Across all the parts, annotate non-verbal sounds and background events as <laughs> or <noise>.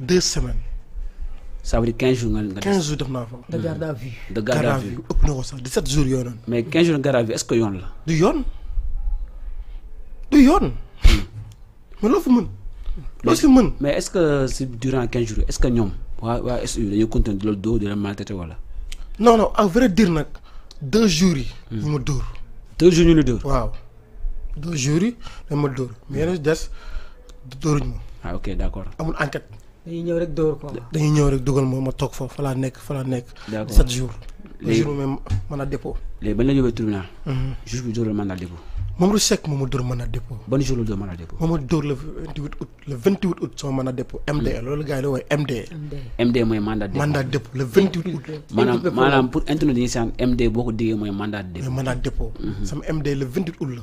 deux semaines. ça veut dire 15 jours 15 jours de garde à vue. de garde à vue 17 jours mais 15 jours de garde à vue est-ce que yoon la. du yon. du yon hmm. mais loo m'en. mais est-ce que c'est durant 15 jours est-ce que ñoom waa waa SU dañoo continuer di la la non non à vrai dire nag deux jours yi. Hmm. ñu ma deux jours ñu la dóor. waaw deux jours yi dañ ma mais yeneen des dóoruñ ah ok d' accord amul enquête. dañuy ñëw rek door ko dañuy ñëw rek dugal ma ma toog fa fa laa nekk fa laa nekk. d' accord sept jours. léegi jour même mandat dépôt. léegi ba la yóbbee tribunal. Mhm. juge bi dóor la mandat dépôt. Mamadou Seck moo ma dóor a dépôt. ban jour la dóor a dépôt. moo ma dóor le vingt huit août le vingt huit août sama a dépôt. MD loolu gars yi la woy MD. MD mooy mandat dépôt mandat dépôt le vingt huit août. maanaam maanaam pour internet dañuy saan MD boo ko déggee mooy mandat dépôt. mooy mandat dépôt. Mhm. sama MD le vingt huit août la.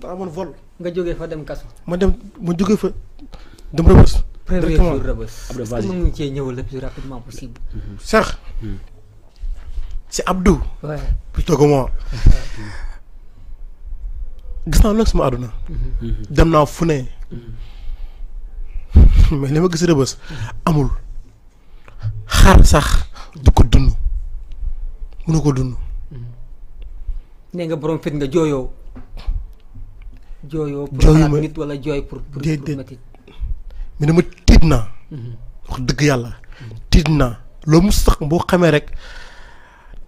da amoon vol. nga jógee fa dem kaso. ma dem ma jógee fa dem rëbës. premier jour rëbës. Abdou Vazi mën cee ñëwal le plus rapidement possible. Cheikh. c'est Abdou. Ouais. plutôt que moi. gis naa loolu sama àdduna. Mhm. dem naa fu ne. Mhm. mais li ma gis rëbës amul xar sax du ko dund mënu ko dund. Mhm. nee nga borom fit nga jooyoo. jooyoo pour nit wala jooy pour pour déedéet mais dama tiit naa. Mhm. wax dëgg yàlla. tiit na loolu mu sax boo xamee rek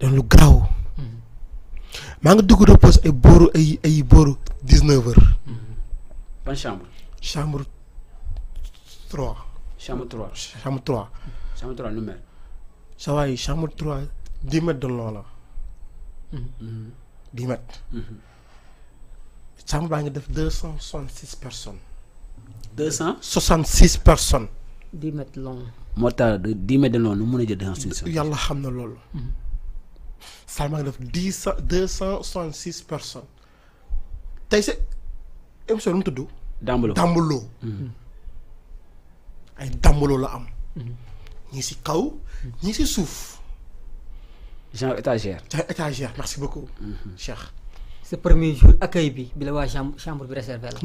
dañ lu garaaw. Mhm. maa ngi dugg repose ay booru ay ay booru dix neuf heures. Mhm. ban chambre. chambre la. dix mètres. chambre personnes. 266 personnes. 10 mètres long. moo mètres de long jël 266 personnes tey C'est émission nu ay dambolo la am. kaw souf genre étagère. genre étagère merci beaucoup. Cheikh. sa premier jour accueil bi bi la waa chambre bi réservé la.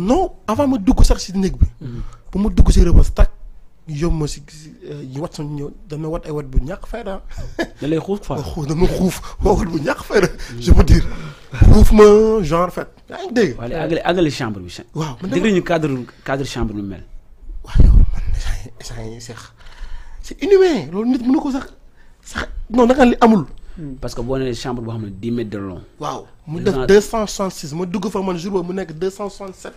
avant ma dugg sax si néeg bi. Mm-hmm. bu ma dugg si rëbës tàkk yóbbu si ñu eh, wat suñu ñëw wat ay wat bu ñàkk fayda. da lay <laughs> xuuf <laughs> bu ñàkk fayda. Mm-hmm. je veux dire xuuf ma genre fait yaa ngi dégg. sax c'est inhumain loolu nit li amul. Hmm. parce que vous chambre de dix mètres de long. Wow, mu def deux cent soixante six jour deux cent soixante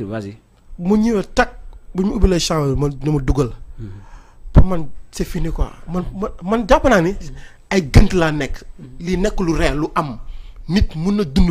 vas-y. Je suis chambre hmm. pour moi, c'est fini quoi ni ay gënt la nek hmm. li lu réel lu am nit mëna dund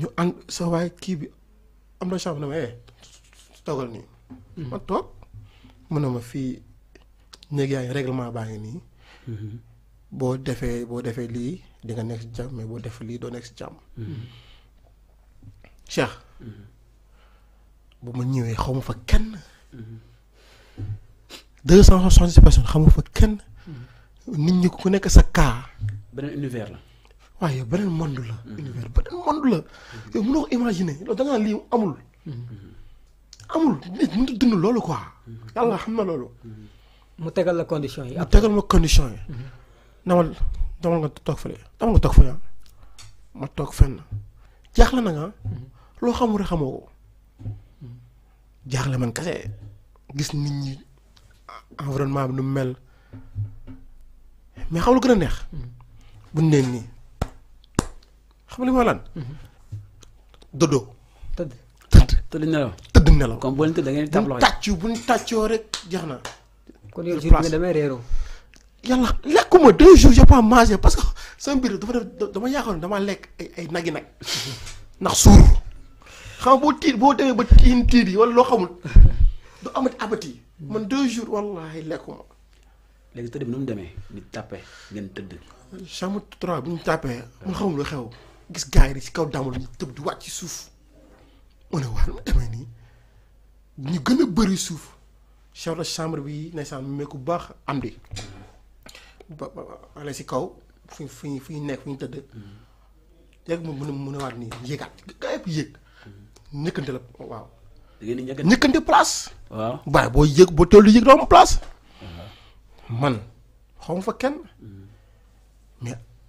ñu an sa kii bi am na chambre na ma eh toogal nii. Hmm. ma toog mu ne ma fii néeg yaa ngi baa ngi nii. Hmm. boo defee boo defee lii di nekk si jàmm mais boo def lii doo nekk si jàmm. Hmm. Cheikh. bu ma ñëwee xaw ma fa kenn. deux cent soixante-six personnes xaw fa kenn. nit ñi ku nekk sa cas. beneen univers la. waaye yow beneen monde la. Mm-hmm. univers beneen monde la. Mm-hmm. yow mënoo ko imaginer loolu da ngaa lii amul. Mm-hmm. amul nit mënut a dund loolu quoi. yàlla xam na loolu. mu tegal la condition yi. mu tegal ma condition yi. namal toog fële toog fële ah. ma toog fenn jaaxle na nga ah. loo xamul rek xamoo ko jaaxle man kese gis nit ñi environnement bi nu mel mais xam lu gën a neex. buñ neen nii. xam nga li ma lan. dodo. tëdd tëdd. tëdd nelaw tëdd nelaw. comme boo leen tëdd da ngeen tàmbaloo tàccu bu ñu tàccoo rek jeex na. kon yow jur nga demee réeroo. yàlla lekkuma deux jours j'ai pas mangé parce que sama mbir dafa def dama yaakaar damaa lekk ay ay nag yi <laughs> nag ndax suur xam nga boo tiit boo demee ba tiit tiit yi wala loo xamul <laughs> du amati abati man deux jours wallahi lekkuma. léegi tëdd bi nu mu demee. ñu tàppe ngeen tëdd. chambre trois bu ñu tàppee. mu xamul lu xew. gis gars yi rek si kaw daamul ñu tëb di wàcc ci suuf mu ne waaye mu demee nii ñu gën a bëri suuf chef de chambre bi ndeysaan mu baax am di ba ba si kaw fi fi fi nekk fi ñu tëdd léegi mu mun a mun nii yéegaat gars yëpp yéeg ñëkkante la waaw. ñëkkante place. waaw boo yëg boo tollu yëg doo am place. Uh-huh. man xaw ma fa kenn mm-hmm. mais.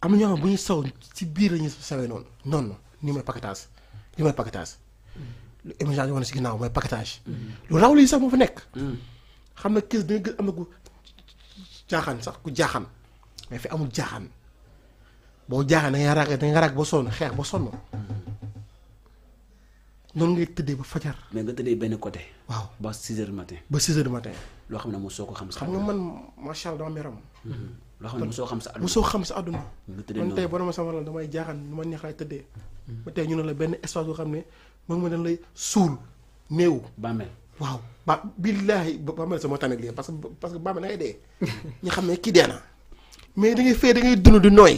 am ñoo xam bu ñu saw si biir la ñuy sawee noonu noonu nii mooy paquetage li mooy paquetage lu émergence woon si ginnaaw mooy paquetage lu raw lii sax moo fa nekk xam na kees danga gën am na ku jaaxaan sax ku jaaxaan mais fi amul jaaxaan boo jaaxaan da ngay raag da nga raag ba sonn xeex ba sonn noonu ngay tëddee ba fajar. mais nga benn côté. waaw ba 6 heures du matin. ba 6 heures loo xam ne moo soo ko xam. xam nga man macha allah dama meram loo xam ne xam sa àdduna mosoo xam sa àdduna man tey boo ma sama lal damay jaaxaan lu ma neex tëddee ba tey ñu ne la benn espace boo xam ne moom ma dañ lay suul néew bàmmeel waaw ba billaahi bàmmeel sama tane lii parce que parce que bàmmeel da ngay dee ñu xam ne kii dee na mais dangay ngay fee da ngay dund di nooy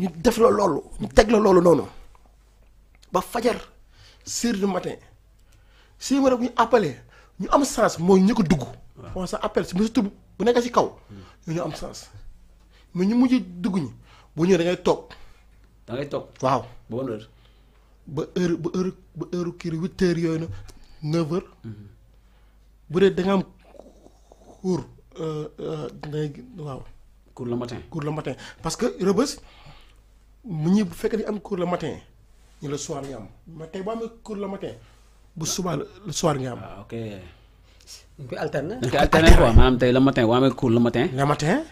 ñu def la loolu ñu teg la loolu noonu ba fajar six heures du matin six heures bu ñu appelé ñu am sens mooy ñu ko dugg on sa appel si monsieur Toub bu nekkee si kaw. ñu ñu am sens mais ñu mujj dugg ñi bu ñëwee da ngay toog. da toog waaw. ba bonne heure. ba heure ba heure ba heure kii huit yooyu na neuf heures. Mhm. bu dee da nga am cours euh, euh, da le matin cours le matin parce que rëbës mu ñi bu fekkee di am cours le matin ñu la soir nga am mais tey boo amee cours le matin bu subaa la soir nga am. Ah, dañ koy alterner alterner quoi maanaam tay le matin boo amee cours le matin. le matin.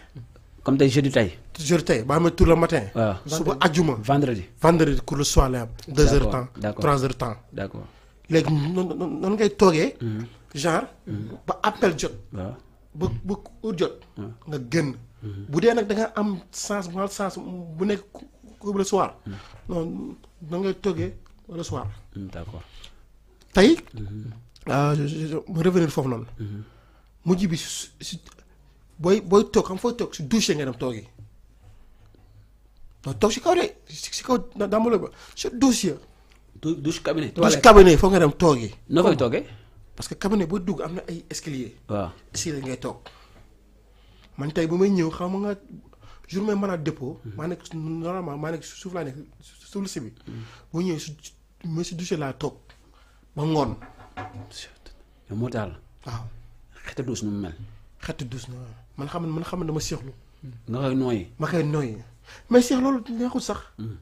comme tay jeudi tay. jeudi tay boo amee cours le matin. waaw suba ajjuma. vendredi vendredi cours le soir là 2 deux heures temps 3 heures temps. D'accord. accord non noonu noonu ngay togué mhm. genre mhm. ba appel jot. ba ba ur jot. nga genn. Mhm. bu nak da nga am sens bu sens bu nek cours le soir. non da ngay togué le soir. D'accord. Tay Ah, mu revenir foofu noonu mhm. mujj bi si booy booy toog xam fooy toog si douche nga dem toogi non toog si kaw de si kaw dambalo ba si douche ya douche cabinet douche cabinet foo nga dem toogi noo koy toogee parce que cabinet boo dugg am na ay escalier waaw escalier ngay toog man tey bu may ñëw xam nga jour may mën a dépôt mhm. maa nekk normalement maa nekk suuf laa nekk suuf si bi mhm. boo ñëwee ma si douche laa yow moo taal. waaw xet a nu mu mel. xet a duus na man xam man xam dama seexlu. nga koy nooyi. ma koy nooyi mais seex loolu neexul sax. Hmm.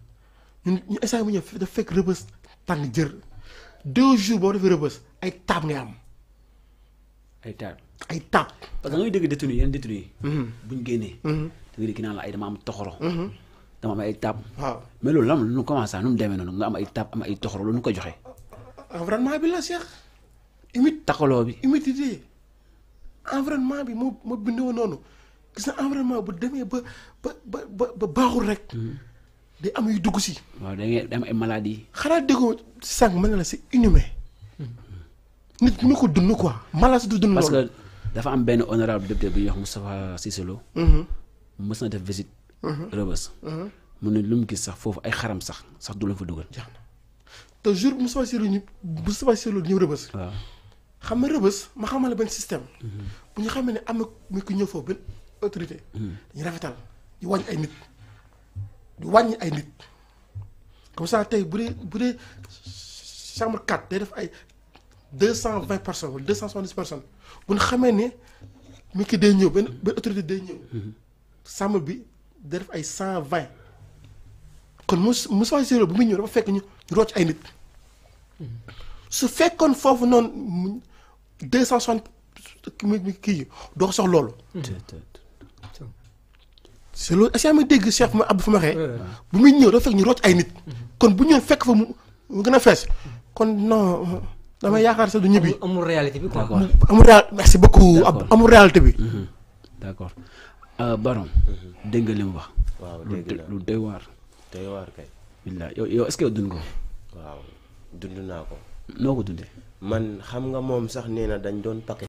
ñun ñu instant fekk rëbës tàng jër deux jours boo defee rëbës ay taab ngay am. ay taab ay taab. parce que da ngay dégg détenu yenn détenu yi. Hmm. bu ñu génnee. Hmm. da ngay la ay dama am toxoro. dama am ay taab. waaw nu mu demee noonu nga am ay taab am ay toxoro loolu nu ko joxe. vraiment bi la seex. humide taxaloo bi humidité environnement bi moo moo bindoo noonu gis na environnement bu demee ba ba ba baaxul rek. Hmm. di am yu dugg si. waaw da ngay am ay maladies. xanaa déggoo sànq mën na la si inhumé. Hmm. nit ñu ko dund quoi. malaise du dund loolu parce que dafa am benn honorable député bu ñuy wax Moustapha Cissé Lo. Mm-hmm. mës na def mm-hmm. Mm-hmm. sax foofu ay xaram sax sax du la waaw. xam rebeus ma xamal ben système. bu ñu xamee ne am mi ko ñëw ben autorité. dañuy rafetal di wàññi ay nit di wàññi ay nit comme ça tay bu dee bu dee chambre 4 day def ay 220 personnes 270 personnes bu ñu xamee ne mi ki day ñëw ben ben autorité day ñëw. chambre bi day def ay 120 vingt kon mos Moussa Cissé bu mi ñëw dafa fekk ñu roc ay nit. su fekkoon fofu non deux cent soixante kii doo sox loolu. c' loolu est ce que dégg Cheikh ma Abdou fu ma waxee. bu muy ñëw dafa fekk ñu rocc ay nit. kon bu ñëw fekk fa mu gën a fees. kon non damay yaakaar sax du ñibbi. amul réalité bi quoi. amul réalité bi. Mhm. d' accord euh, Baron. Mhm. dégg wax. waaw dégg lu doy waar. dund ko. waaw naa ko. noo ko dundee. man xam nga moom sax nee na dañ doon paquet